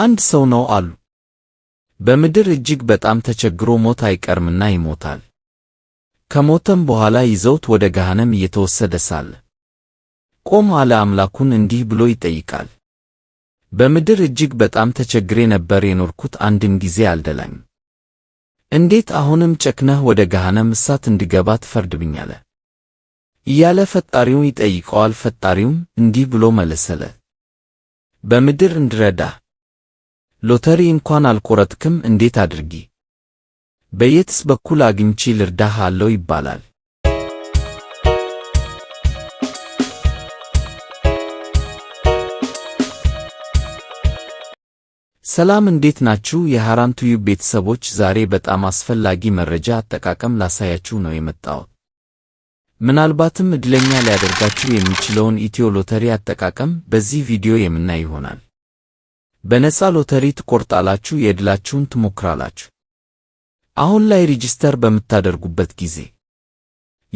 አንድ ሰው ነው አሉ። በምድር እጅግ በጣም ተቸግሮ ሞት አይቀርምና ይሞታል። ከሞተም በኋላ ይዘውት ወደ ገሃነም እየተወሰደ ሳለ ቆም አለ። አምላኩን እንዲህ ብሎ ይጠይቃል። በምድር እጅግ በጣም ተቸግሬ ነበር፣ የኖርኩት አንድም ጊዜ አልደላኝ። እንዴት አሁንም ጨክነህ ወደ ገሃነም እሳት እንድገባ ትፈርድብኛለ እያለ ፈጣሪውን ይጠይቀዋል። ፈጣሪውም እንዲህ ብሎ መለሰለ፣ በምድር እንድረዳህ ሎተሪ እንኳን አልቆረጥክም እንዴት አድርጊ? በየትስ በኩል አግኝቼ ልርዳህ አለው ይባላል። ሰላም እንዴት ናችሁ? የሃራን ቱዩብ ቤተሰቦች ዛሬ በጣም አስፈላጊ መረጃ አጠቃቀም ላሳያችሁ ነው የመጣው። ምናልባትም እድለኛ ሊያደርጋችሁ የሚችለውን ኢትዮ ሎተሪ አጠቃቀም በዚህ ቪዲዮ የምናይ ይሆናል። በነፃ ሎተሪ ትቆርጣላችሁ፣ የዕድላችሁን ትሞክራላችሁ። አሁን ላይ ሪጅስተር በምታደርጉበት ጊዜ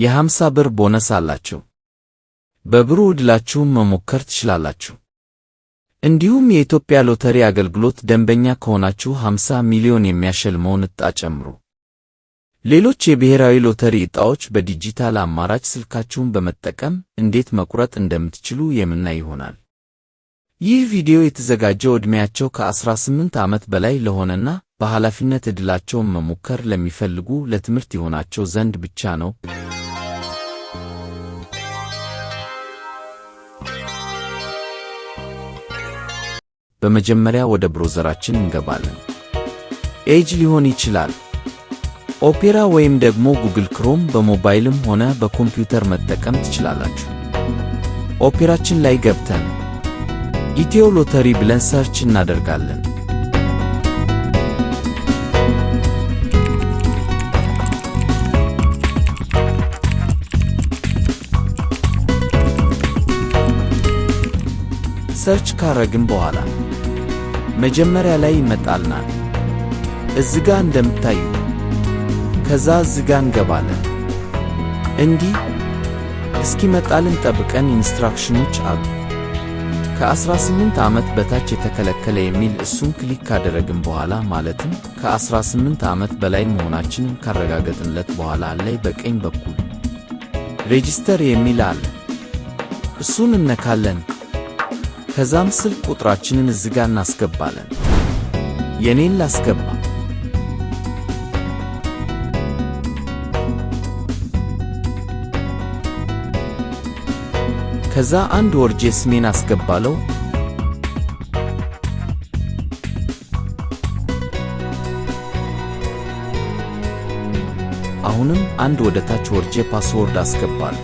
የሃምሳ ብር ቦነስ አላቸው። በብሩ ድላችሁን መሞከር ትችላላችሁ። እንዲሁም የኢትዮጵያ ሎተሪ አገልግሎት ደንበኛ ከሆናችሁ 50 ሚሊዮን የሚያሸልመውን ዕጣ ጨምሮ ሌሎች የብሔራዊ ሎተሪ ዕጣዎች በዲጂታል አማራጭ ስልካችሁን በመጠቀም እንዴት መቁረጥ እንደምትችሉ የምናይ ይሆናል። ይህ ቪዲዮ የተዘጋጀው ዕድሜያቸው ከ18 ዓመት በላይ ለሆነና በኃላፊነት ዕድላቸውን መሞከር ለሚፈልጉ ለትምህርት ይሆናቸው ዘንድ ብቻ ነው። በመጀመሪያ ወደ ብሮዘራችን እንገባለን። ኤጅ ሊሆን ይችላል ኦፔራ ወይም ደግሞ ጉግል ክሮም በሞባይልም ሆነ በኮምፒውተር መጠቀም ትችላላችሁ። ኦፔራችን ላይ ገብተን ኢትዮ ሎተሪ ብለን ሰርች እናደርጋለን። ሰርች ካረግን በኋላ መጀመሪያ ላይ ይመጣልናል። እዝጋ እንደምታዩ ከዛ እዝጋ እንገባለን። እንዲህ እስኪመጣልን ጠብቀን ኢንስትራክሽኖች አሉ። ከ18 ዓመት በታች የተከለከለ የሚል እሱን ክሊክ ካደረግን በኋላ ማለትም ከ18 ዓመት በላይ መሆናችንን ካረጋገጥንለት በኋላ ላይ በቀኝ በኩል ሬጂስተር የሚል አለ። እሱን እነካለን። ከዛም ስልክ ቁጥራችንን እዝጋ እናስገባለን። የኔን ላስገባ ከዛ አንድ ወር ስሜን አስገባለው። አሁንም አንድ ወደ ታች ወርጄ ፓስወርድ አስገባለሁ።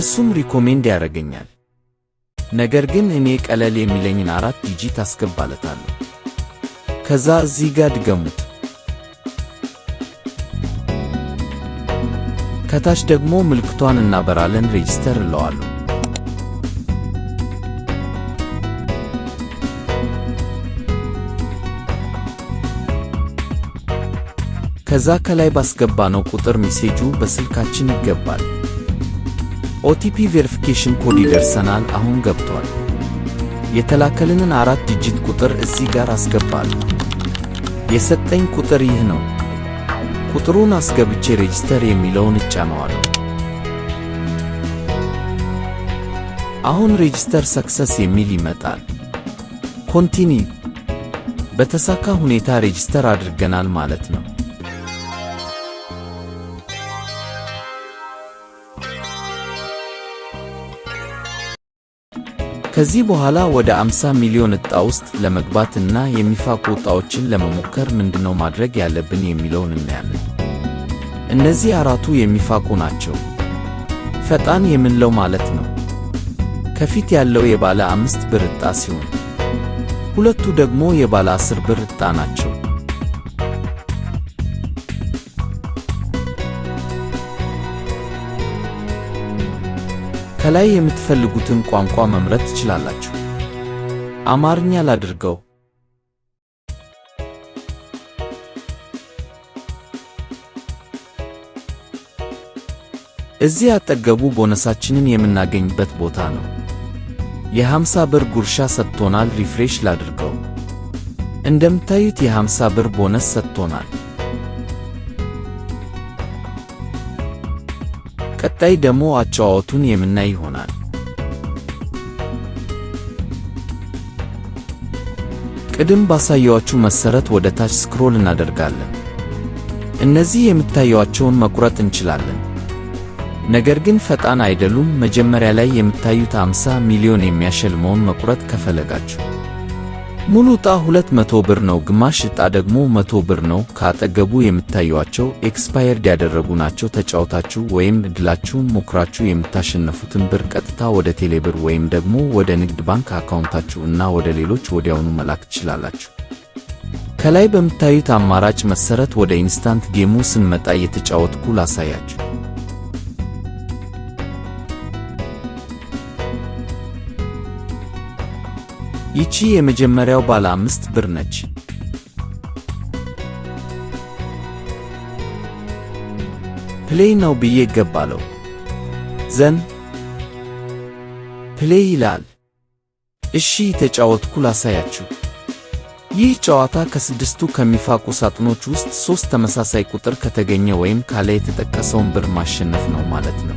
እሱም ሪኮሜንድ ያደርገኛል። ነገር ግን እኔ ቀለል የሚለኝን አራት ዲጂት አስገባለታለሁ። ከዛ እዚህ ጋር ድገሙት። ከታች ደግሞ ምልክቷን እናበራለን። ሬጅስተር እለዋለሁ። ከዛ ከላይ ባስገባነው ቁጥር ሜሴጁ በስልካችን ይገባል። ኦቲፒ ቬሪፊኬሽን ኮድ ይደርሰናል። አሁን ገብቷል። የተላከልንን አራት ዲጂት ቁጥር እዚህ ጋር አስገባል። የሰጠኝ ቁጥር ይህ ነው። ቁጥሩን አስገብቼ ሬጅስተር የሚለውን እጫነዋለሁ። አሁን ሬጅስተር ሰክሰስ የሚል ይመጣል። ኮንቲኒ በተሳካ ሁኔታ ሬጅስተር አድርገናል ማለት ነው። ከዚህ በኋላ ወደ 50 ሚሊዮን ዕጣ ውስጥ ለመግባት እና የሚፋቁ ዕጣዎችን ለመሞከር ምንድነው ማድረግ ያለብን የሚለውን እናያለን። እነዚህ አራቱ የሚፋቁ ናቸው። ፈጣን የምንለው ማለት ነው። ከፊት ያለው የባለ አምስት ብር ዕጣ ሲሆን ሁለቱ ደግሞ የባለ አስር ብር ዕጣ ናቸው። ከላይ የምትፈልጉትን ቋንቋ መምረጥ ትችላላችሁ። አማርኛ ላድርገው። እዚህ አጠገቡ ቦነሳችንን የምናገኝበት ቦታ ነው። የሃምሳ ብር ጉርሻ ሰጥቶናል። ሪፍሬሽ ላድርገው። እንደምታዩት የሃምሳ ብር ቦነስ ሰጥቶናል። ቀጣይ ደግሞ አጨዋወቱን የምናይ ይሆናል። ቅድም ባሳየዋችሁ መሰረት ወደ ታች ስክሮል እናደርጋለን። እነዚህ የምታዩዋቸውን መቁረጥ እንችላለን፣ ነገር ግን ፈጣን አይደሉም። መጀመሪያ ላይ የምታዩት 50 ሚሊዮን የሚያሸልመውን መቁረጥ ከፈለጋችሁ ሙሉ ዕጣ ሁለት መቶ ብር ነው። ግማሽ ዕጣ ደግሞ 100 ብር ነው። ካጠገቡ የምታዩዋቸው ኤክስፓየርድ ያደረጉ ናቸው። ተጫውታችሁ ወይም እድላችሁን ሞክራችሁ የምታሸነፉትን ብር ቀጥታ ወደ ቴሌብር ወይም ደግሞ ወደ ንግድ ባንክ አካውንታችሁ እና ወደ ሌሎች ወዲያውኑ መላክ ትችላላችሁ። ከላይ በምታዩት አማራጭ መሰረት ወደ ኢንስታንት ጌሙ ስንመጣ እየተጫወትኩ ላሳያችሁ። ይቺ የመጀመሪያው ባለ አምስት ብር ነች። ፕሌይ ነው ብዬ እገባለሁ። ዘን ፕሌይ ይላል። እሺ ተጫወትኩ፣ ላሳያችሁ። ይህ ጨዋታ ከስድስቱ ከሚፋቁ ሳጥኖች ውስጥ ሦስት ተመሳሳይ ቁጥር ከተገኘ ወይም ካለ የተጠቀሰውን ብር ማሸነፍ ነው ማለት ነው።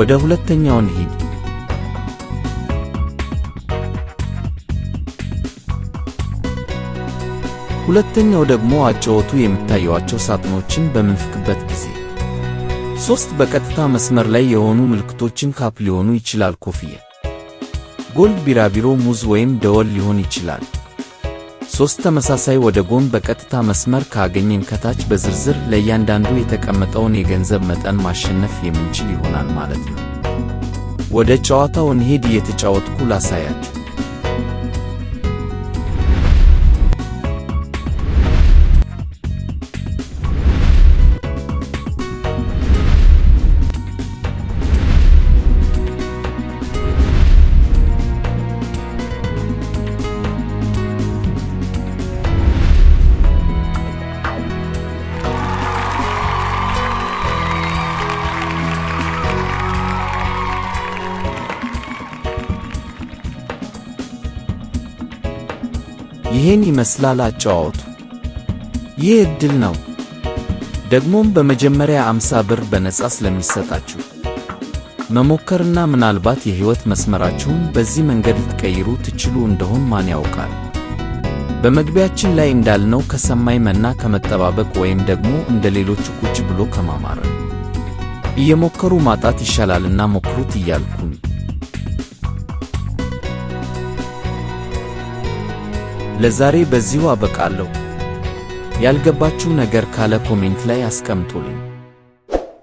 ወደ ሁለተኛው ሂድ። ሁለተኛው ደግሞ አጫወቱ የምታዩዋቸው ሳጥኖችን በምንፍክበት ጊዜ ሶስት በቀጥታ መስመር ላይ የሆኑ ምልክቶችን ካፕ ሊሆኑ ይችላል። ኮፍያ፣ ጎልድ፣ ቢራቢሮ፣ ሙዝ ወይም ደወል ሊሆን ይችላል። ሶስት ተመሳሳይ ወደ ጎን በቀጥታ መስመር ካገኘን ከታች በዝርዝር ለእያንዳንዱ የተቀመጠውን የገንዘብ መጠን ማሸነፍ የምንችል ይሆናል ማለት ነው። ወደ ጨዋታው እንሄድ። እየተጫወትኩ ላሳያችሁ። ይሄን ይመስላል አጨዋወቱ። ይህ ዕድል ነው። ደግሞም በመጀመሪያ አምሳ ብር በነፃ ስለሚሰጣችሁ መሞከርና ምናልባት የሕይወት መስመራችሁን በዚህ መንገድ ልትቀይሩ ትችሉ እንደሆን ማን ያውቃል? በመግቢያችን ላይ እንዳልነው ከሰማይ መና ከመጠባበቅ ወይም ደግሞ እንደ ቁጭ ብሎ ከማማረር እየሞከሩ ማጣት ይሻላልና ሞክሩት እያልኩን ለዛሬ በዚሁ አበቃለሁ። ያልገባችሁ ነገር ካለ ኮሜንት ላይ አስቀምጡልኝ።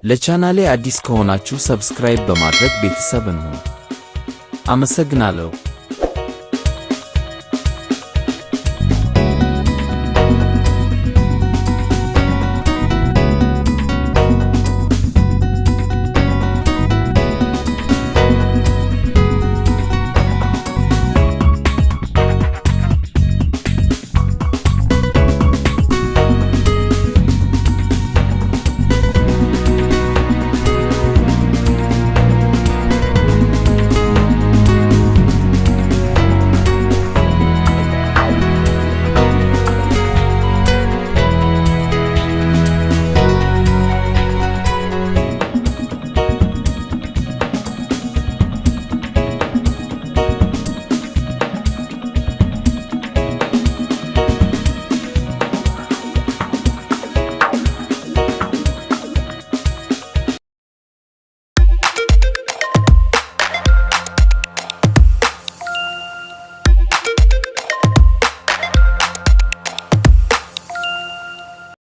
ለቻናሌ አዲስ ከሆናችሁ ሰብስክራይብ በማድረግ ቤተሰብ እንሁን። አመሰግናለሁ።